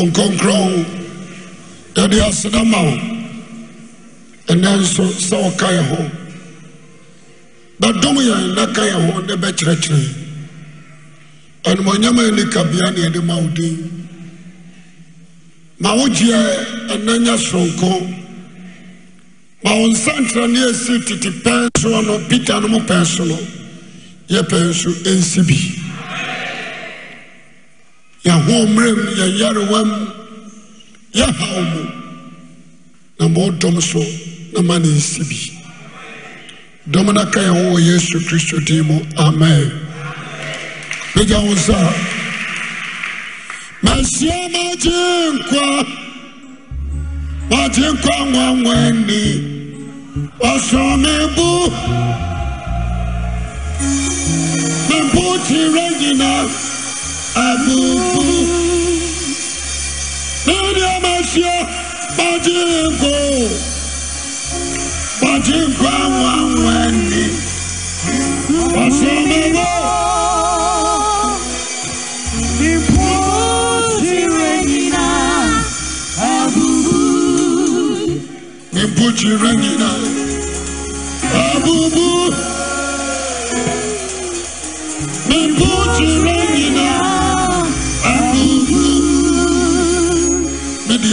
ɔnkrɔnkron yɛde asedɛ ma wo ɛnɛ nso sɛ woka eɛ hɔ bɛdom yɛn nɛ ka yɛ hɔ ne bɛkyerɛkyerɛ ɛnom ɔnyama ani kabia ne ɛde mawoden ma wogyeɛ ɛnanya sronko ma o nsantrɛ ne asii tete pɛn so no petar no mopɛn so no yɛ pɛi so nsi bi yɛahoo mmerɛm yɛnyarewa m yɛ haw mu na moɔdɔm so ne ma ne nsi bi dɔm no ka yɛwɔwɔ yesu kristo din mu amen bɛgya wo sɛ a masia magyenkwa magyenkwa nwanwa ni ɔsɔmebu mampooti rɛ nyina àbùkù lórí ọmọ ṣíọ bàjẹ́ èkó bàjẹ́ èkó àwọn àwọn ẹni ọ̀ṣọ́ ọmọ ẹgbẹ́. Put Abubu.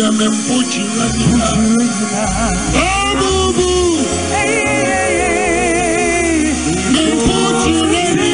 me meu putinho Oh, boo, boo. Me puti regina.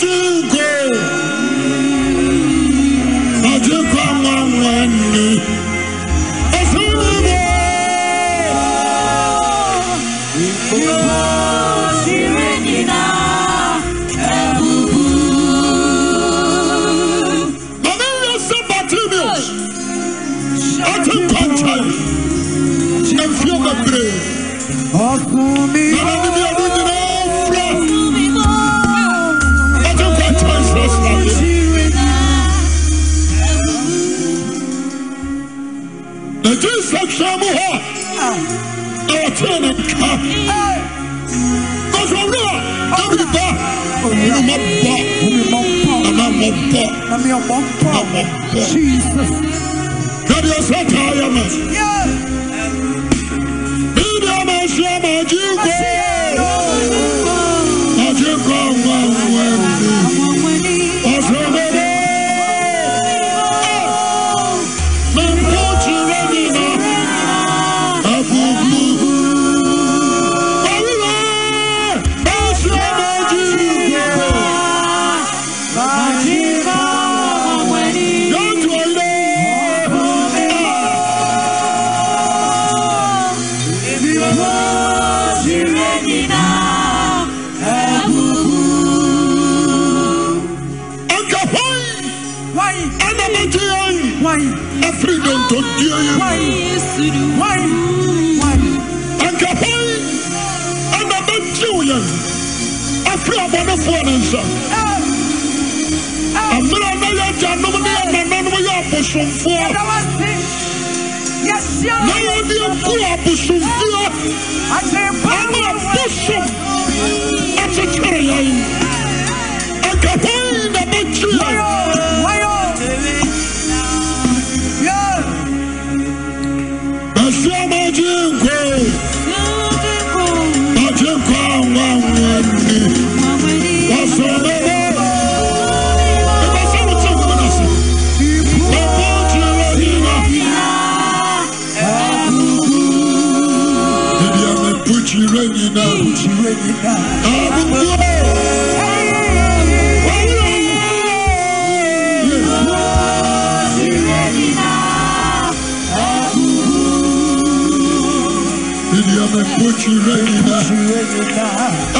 do. me up on fire. Jesus. Get yourself tired, man. Why? Why? Why? Why? afiri ntontie yɛ anka hwan ɛna bɛgyew yɛn afiri abɔnefoɔ ne nsa mmerɛ na yɛ agyanom ne yɛnananom yɛ abosomfoɔ na yɛde nkuru abosomfoɔ ama abosom akyekyere yɛn anka hwan na bɛgye yɛn Chiranyina. Chiranyina. Abungo. I'ma put you in my head now.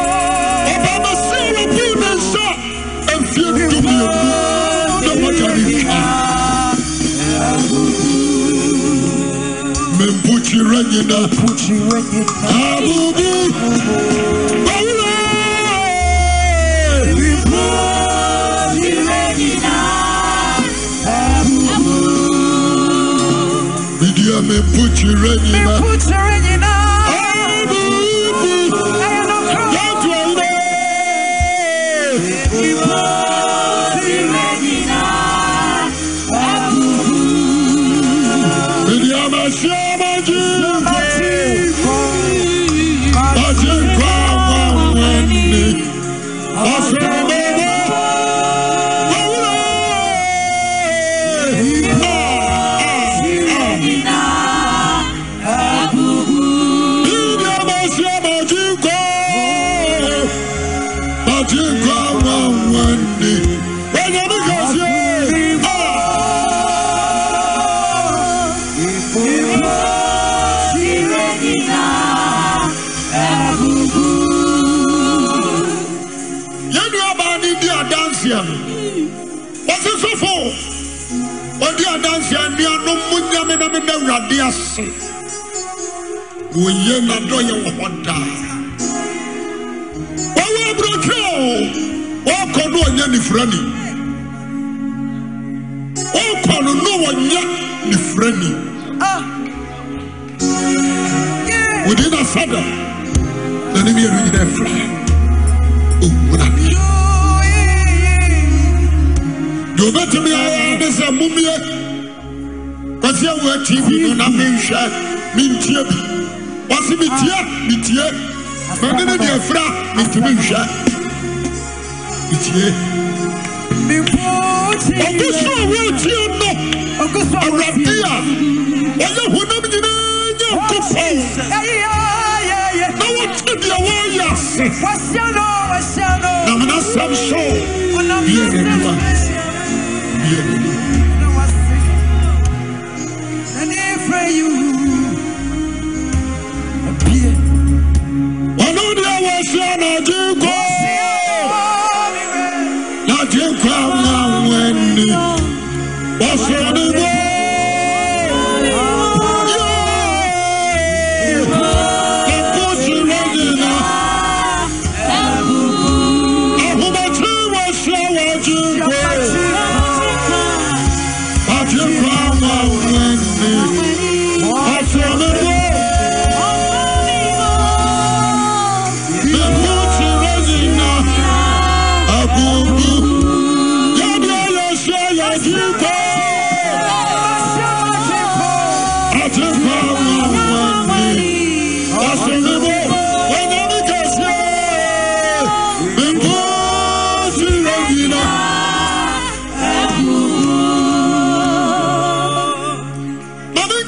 ringing up. Poochie ringing up. Ah, awurade ase wòye n'adɔyɛ wɔ hɔ daa wɔwɔ aburokyi wɔkɔ no ɔnyɛ nifura wɔkɔ no no ɔnyɛ nifura wòdi na sada na ne mmienu nyinaa fura owura bi deɛ obetumi ayɛ ne sɛ mumie. bua tv no na menhwɛ mentie bi wɔse metie metie mɛde ne deɛ fira metumi nhwɛ metie ɔkoso a wɔtie no awurade a wɔyɛ honam nyinaa nyɛ nkopɔn na wɔte deɛ wɔyɛ ase na menasɛm hyɛ biɛ nanua biɛ nanua I do máa ń wẹ̀ ni.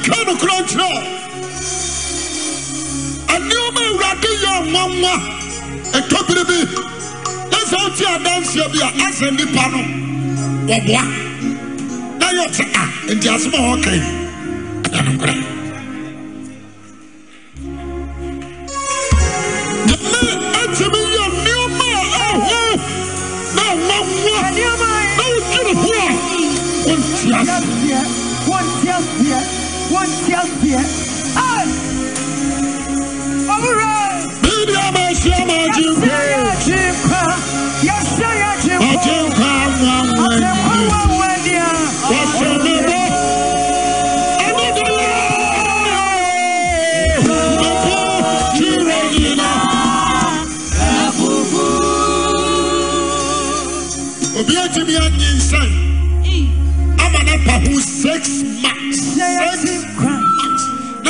nokoronkyerɛ aneɔma a wurake yɛ ɔwɔngua ɛtɔbiri bi nɛ sɛ woti adanseɛ bi a nasɛnnipa no ɔboa na yɛte ah, a ntiasɛm hɔ kɛi anokra me akimi yɛ nneɔmaa ɔho ne ɔwɔgua nkroho ontia wonti aseɛ ɔmorɛ biribia ma ahyia ma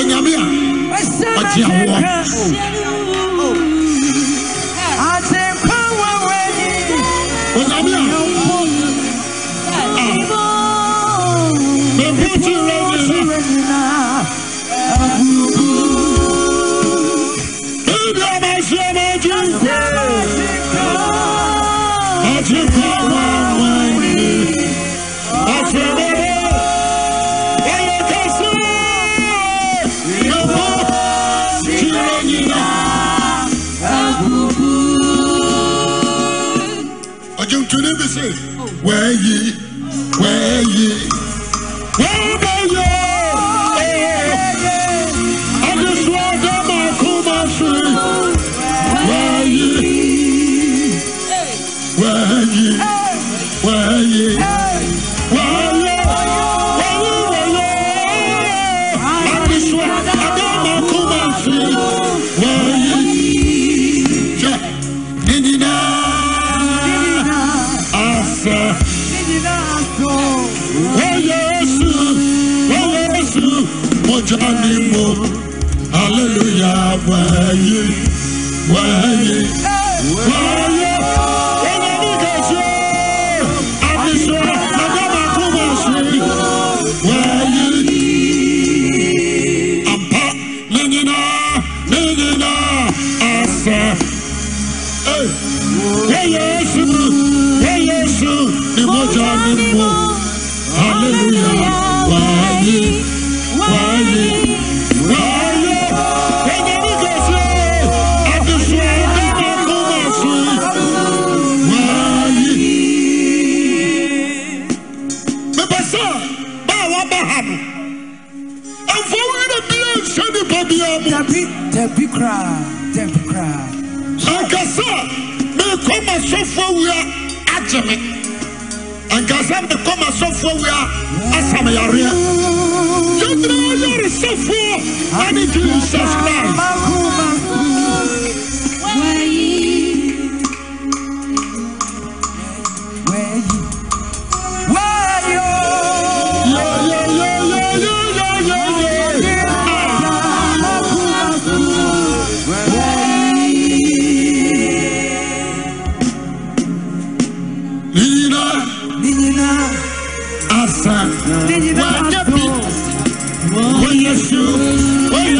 onyame a ɔte awoɔ Should it be Where ye? Where ye? we asɔfoɔ wia agye me nkasa me kɔm asɔfoɔ wia asa me yareɛ yɛnyinaa yɛre sɔfoɔ ane jesus christ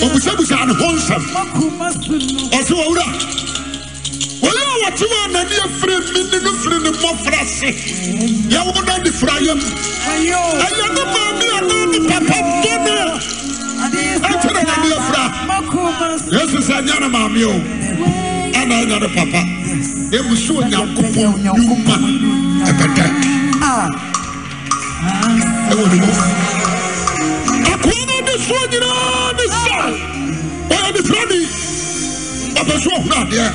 obusabusa ne ho nsɛm ɔsɛ wawura wɔyɛ a wɔte wɔ anani afiri mi no firi ne mmɔfra ase yɛwo na de fira yam ɛyɛ ne maame anaa ne papa bɔne ɛkyerɛ nani afira yesu sɛ ɛnyɛ ne maame o ana ɛnyɛ ne papa ɛmu onyankopɔn yuma ɛbɛdɛ ɛwɔ ah. ne so ɔhunu adeɛ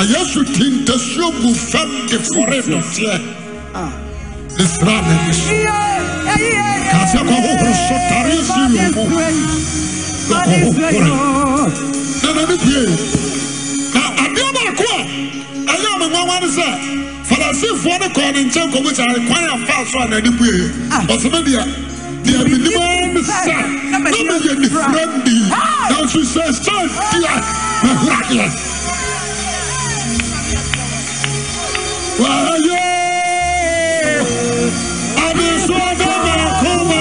ɛyɛ so ti ntasuo bu fam efore nɔteɛ ne sra ne ne so kaase kɔ hohoro so tare si yom mu na kɔ hohoro na na ne bie na adeɛ baako a ɛyɛ ɔmo nwanwa ne sɛ farasifoɔ ne kɔɔ ne nkyɛn kɔmu kyɛ kwan afa so a na ne bue ah. ɔsɛmɛ deɛ deɛ bi nimaa ne sa na ma yɛ ne fura na fi sɛ stan dia na hura deɛ wayo abeso ɔbɛ baako baako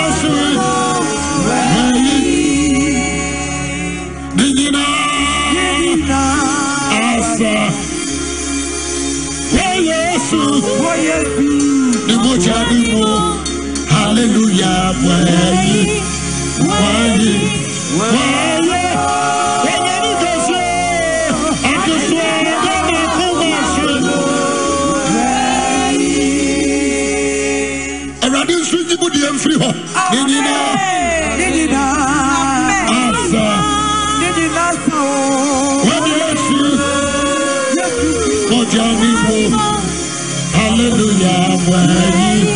asa wɔ yesu ne mogya ne hallelujah wayi wayi awurade nso nyi mu deɛ mfiri hɔ ne nyinaa ne nyinaa asa ne nyinaa sa o wɔde yesu ɔgya ne mu hallelujah wɔayi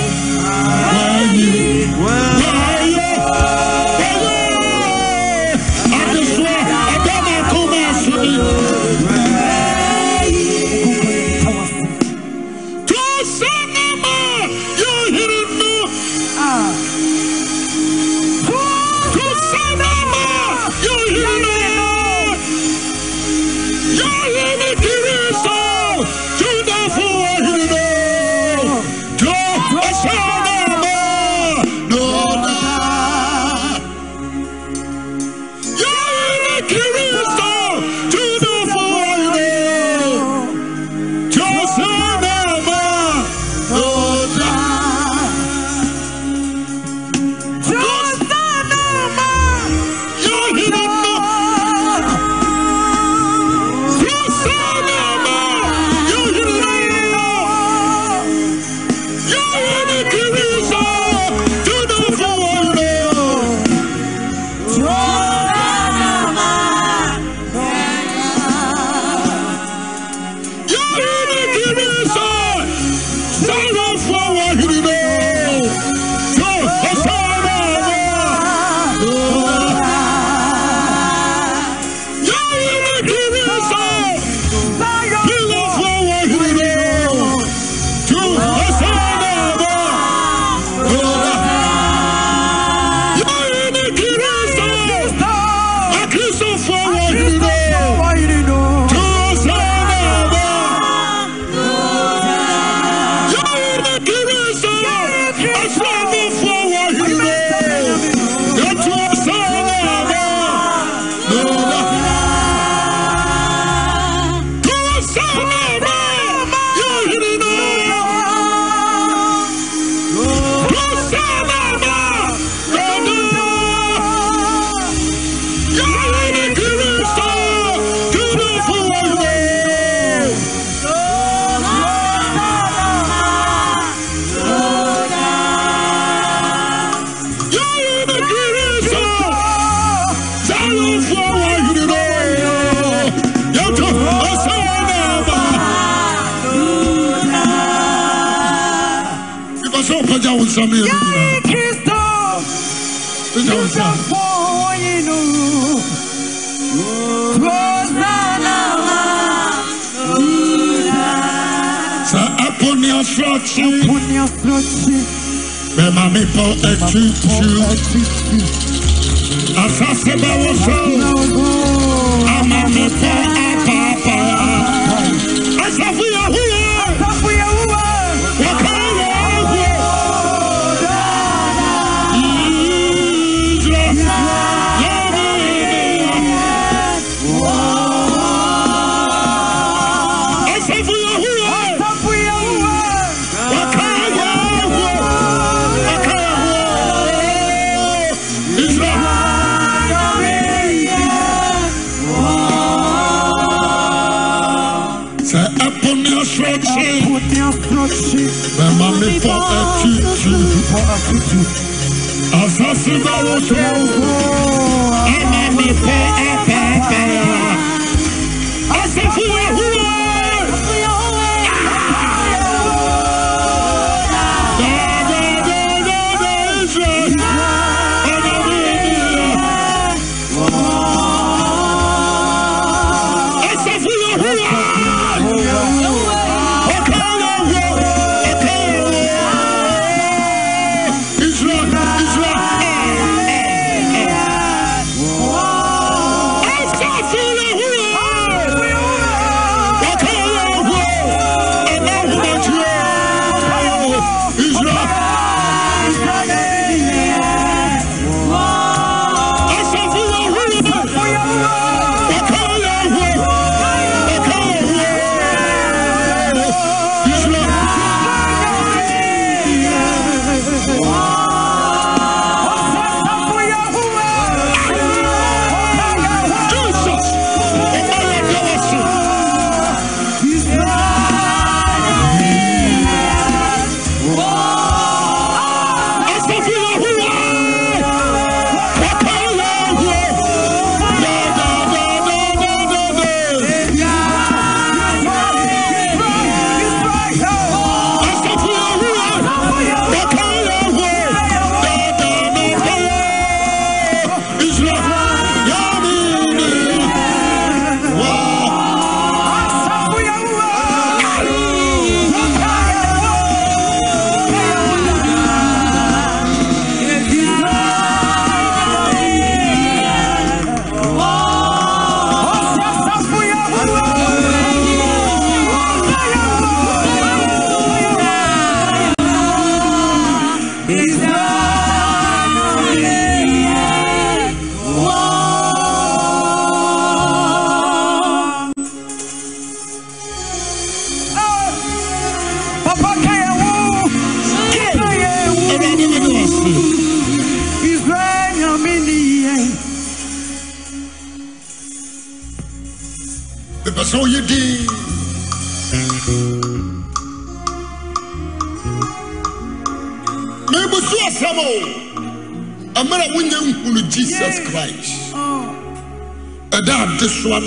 Japonia flotsi Me mami po etutu Asase ba woso Amame po a Bẹ̀ma mi fọ ẹtí tì. Asase bẹ̀rù tó.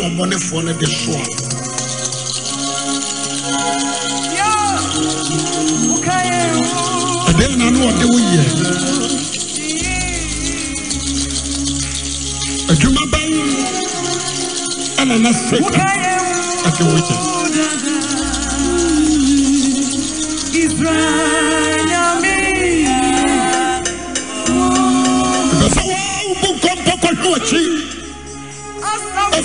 ne ɔbɔnefoɔ no de soɔ ɛdeɛ na ne ɔde wo yɛ adwuma bɛn ɛna na seka ɛde wo yɛ ɛbɛ sɛ wɔa wobɔ nkɔmpɔ kɔhwɛ akyi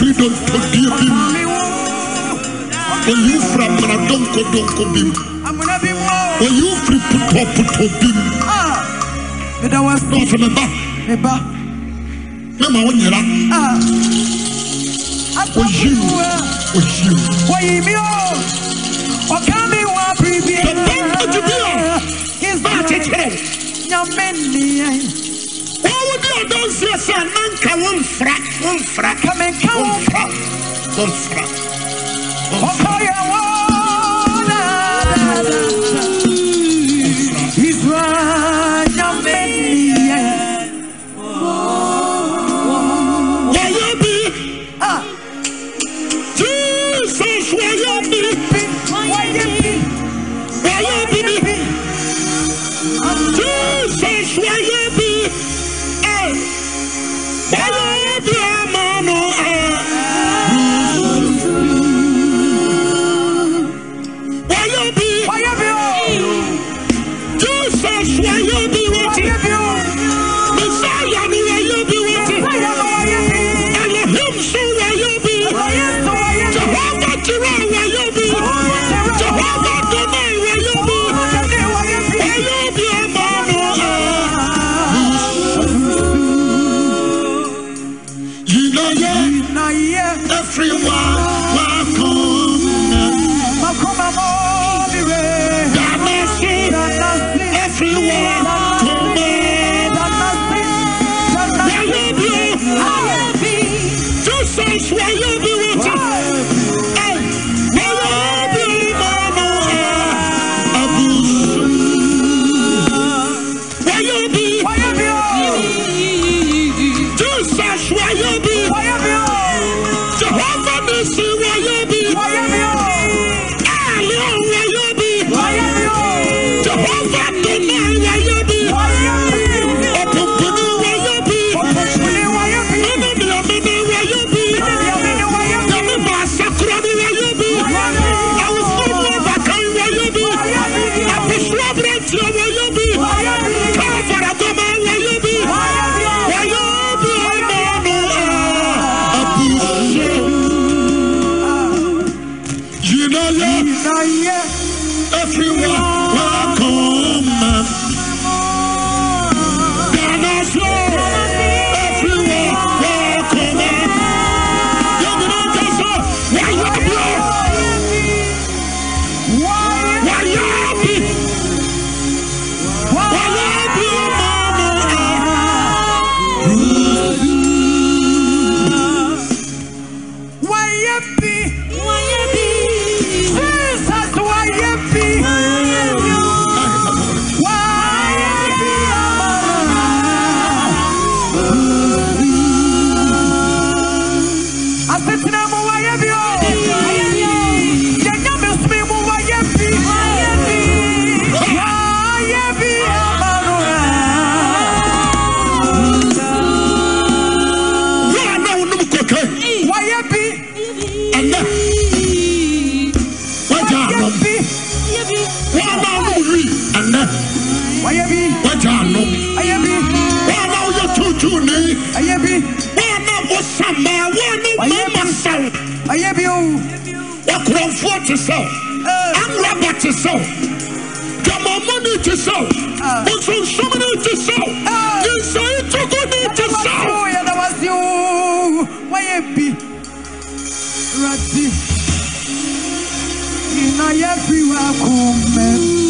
if you do him, will from Donko Donko Bim? Will you free Puto Puto Bim? But I was not from a bar. A bar. you're up. Was you? Was you? Why, you? Or can you want to be? Is that it? Now, many. manca ufra fra te sɛ dwamamɔ ne te sɛ nsonsom ne te sɛ nsɛe toko ne te sɛ wayɛ bi rati nyina yɛ bi wa ko mɛ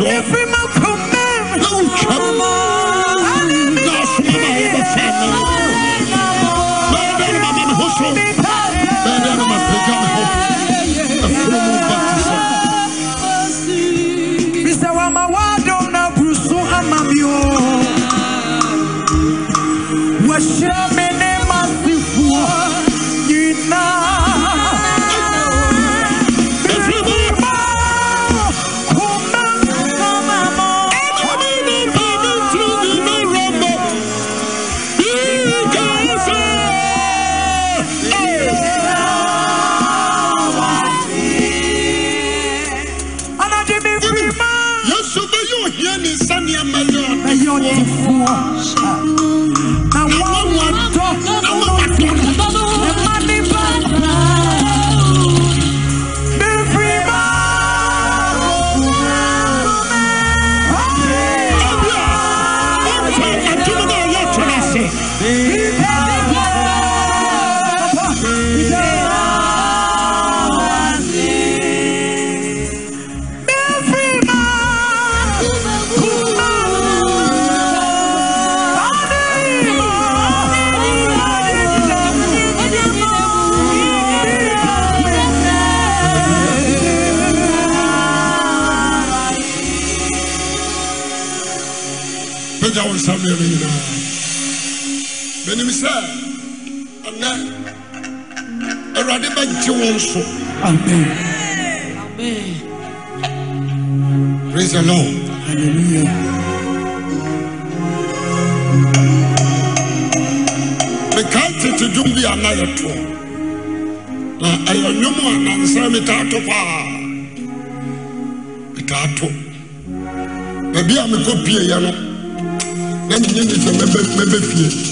Every wɔn nsa mmienu nyinaa menim sɛ ɛnɛ awurade bɛgye wɔn so amen praise the lord hallelujah mekaa tete dwom bi ana yɛto na ɛyɛ nnwom a nansa metaa to paa metaa to baabi a mekɔ pie yɛ no لن s مبفi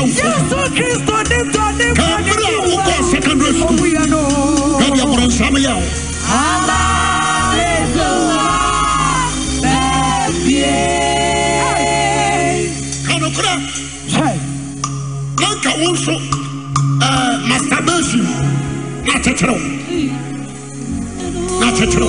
Yesu Kristo ni tɔni bɔ ni kí n bɔ. Kàmúrà wò kọ́ secondary school. Owó yẹn nù. Yóò di àbúrò nsàmú yà o. Àbá ètò wa bẹ́ẹ̀ bíé. Kànúkúrẹ́. Nanka wo nso ɛɛ eh, masturbation na kyekyere o. Na kyekyere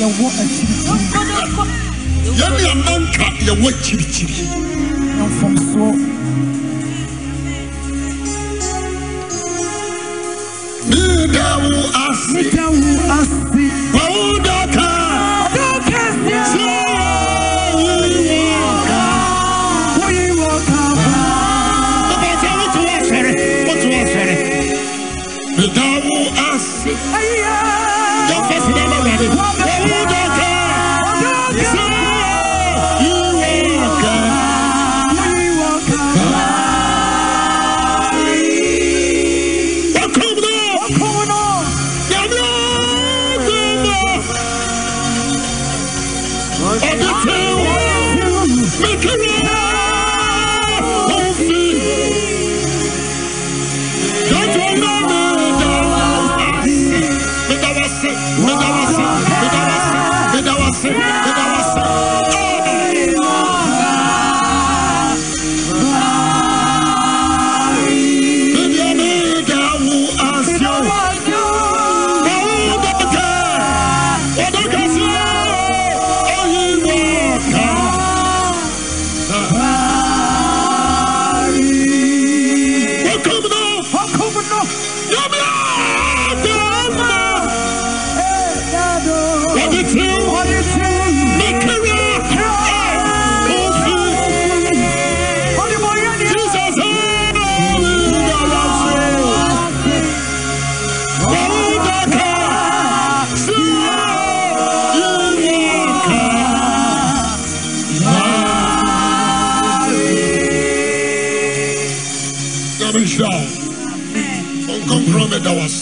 yɛwɔ akyirikyiri yɛne amanka yɛwɔ akyirikyiri na mfomsoɔ meda wo ase meda wo ase that was